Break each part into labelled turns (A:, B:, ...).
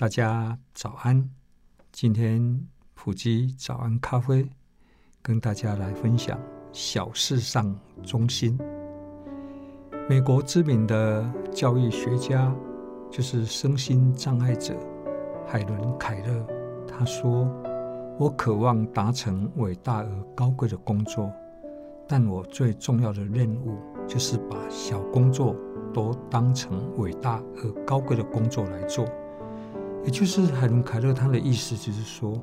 A: 大家早安，今天埔基早安咖啡，跟大家來分享小事上忠心。美國知名的教育學家，就是身心障礙者海倫凱勒，她說：“我渴望達成偉大而高貴的工作，但我最重要的任務，就是把小工作都當成偉大而高貴的工作來做。”也就是海倫·凱勒他的意思就是說，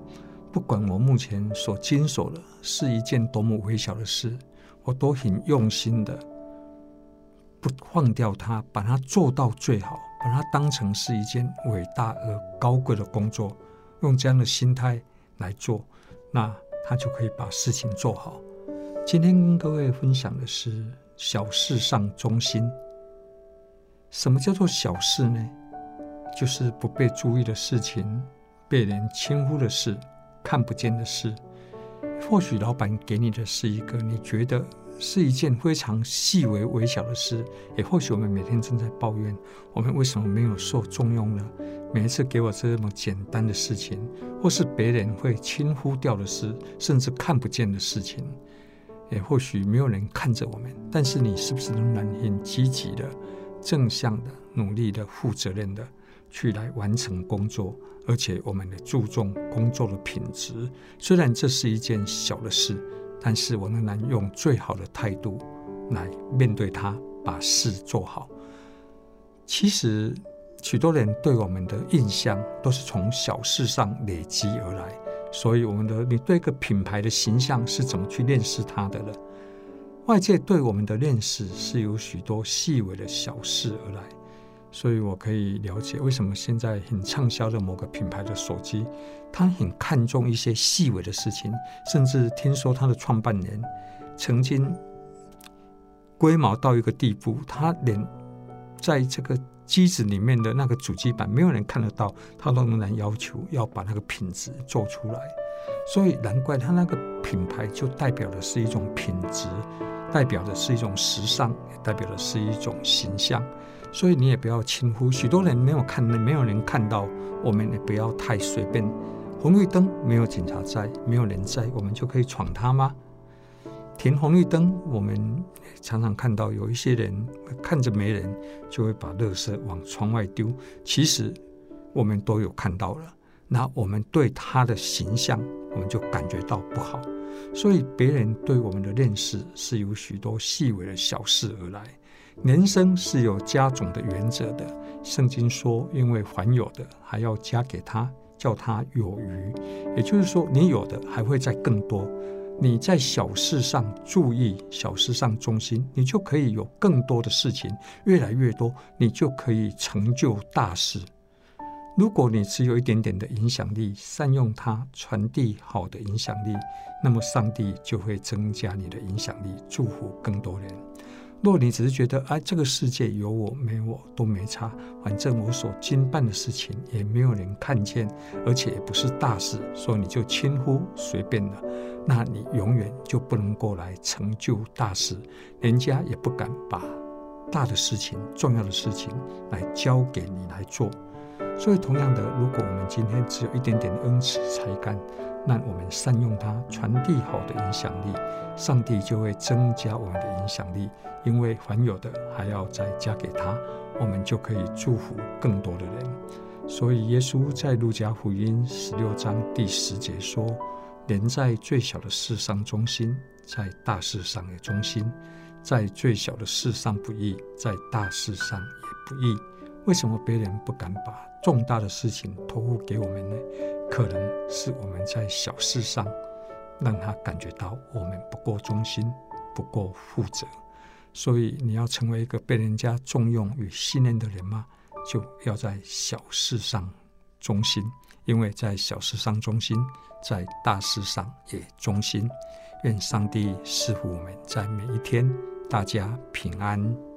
A: 不管我目前所經手的是一件多麼微小的事，我都很用心的，不放掉它，把它做到最好，把它當成是一件偉大而高貴的工作，用這樣的心態來做，那他就可以把事情做好。今天跟各位分享的是小事上忠心。什麼叫做小事呢？就是不被注意的事情，被人輕忽的事，看不見的事。或許老闆給你的是一個你覺得是一件非常細微微小的事，也或許我們每天正在抱怨，我們為什麼沒有受重用呢？每一次給我這麼簡單的事情，或是別人會輕忽掉的事，甚至看不見的事情，也或許沒有人看着我們，但是你是不是仍然很積極的、正向的、努力的、負責任的？去來完成工作，而且我們也注重工作的品質。雖然這是一件小的事，但是我仍然用最好的態度來面對它，把事做好。其實，許多人對我們的印象都是從小事上累積而來，所以我們的你對一個品牌的形象是怎麼去認識它的呢？外界對我們的認識是由許多細微的小事而來。所以，我可以了解為什麼現在很暢銷的某個品牌的手機，他很看重一些細微的事情。甚至聽說他的創辦人曾經龜毛到一個地步，他連在這個機子裡面的那個主機板，沒有人看得到，他都仍然要求要把那個品質做出來。所以，難怪他那個品牌就代表的是一種品質，代表的是一種時尚，也代表的是一種形象。所以你也不要輕忽，許多人沒有看，沒有人看到，我們也不要太隨便。紅綠燈沒有警察在，沒有人在，我們就可以闖他嗎？停紅綠燈，我們常常看到有一些人看着沒人，就會把垃圾往窗外丟。其實我們都有看到了，那我們對他的形象，我們就感覺到不好。所以別人對我們的認識是由許多細微的小事而來。人生是有加種的原則的。聖經說：“因為還有的，還要加給他，叫他有餘。”也就是說，你有的還會再更多。你在小事上注意，小事上忠心，你就可以有更多的事情，越來越多，你就可以成就大事。如果你只有一點點的影響力，善用它傳遞好的影響力，那麼上帝就會增加你的影響力，祝福更多人。若你只是覺得哎，這個世界有我沒我都沒差，反正我所經辦的事情也沒有人看見，而且也不是大事，所以你就輕忽隨便了，那你永遠就不能夠來成就大事，人家也不敢把大的事情、重要的事情來交給你來做。所以，同樣的，如果我們今天只有一點點的恩賜才幹，那我們善用它，傳遞好的影響力，上帝就會增加我們的影響力。因為凡有的還要再加給他，我們就可以祝福更多的人。所以耶穌在路加福音十六章第十節說：“人在最小的事上忠心，在大事上也忠心；在最小的事上不義，在大事上也不義。為什麼別人不敢把重大的事情托付給我們呢？”可能是我們在小事上，讓他感覺到我們不夠忠心，不夠負責。所以你要成為一個被人家重用與信任的人嗎？就要在小事上忠心，因為在小事上忠心，在大事上也忠心。願上帝賜福我們在每一天，大家平安。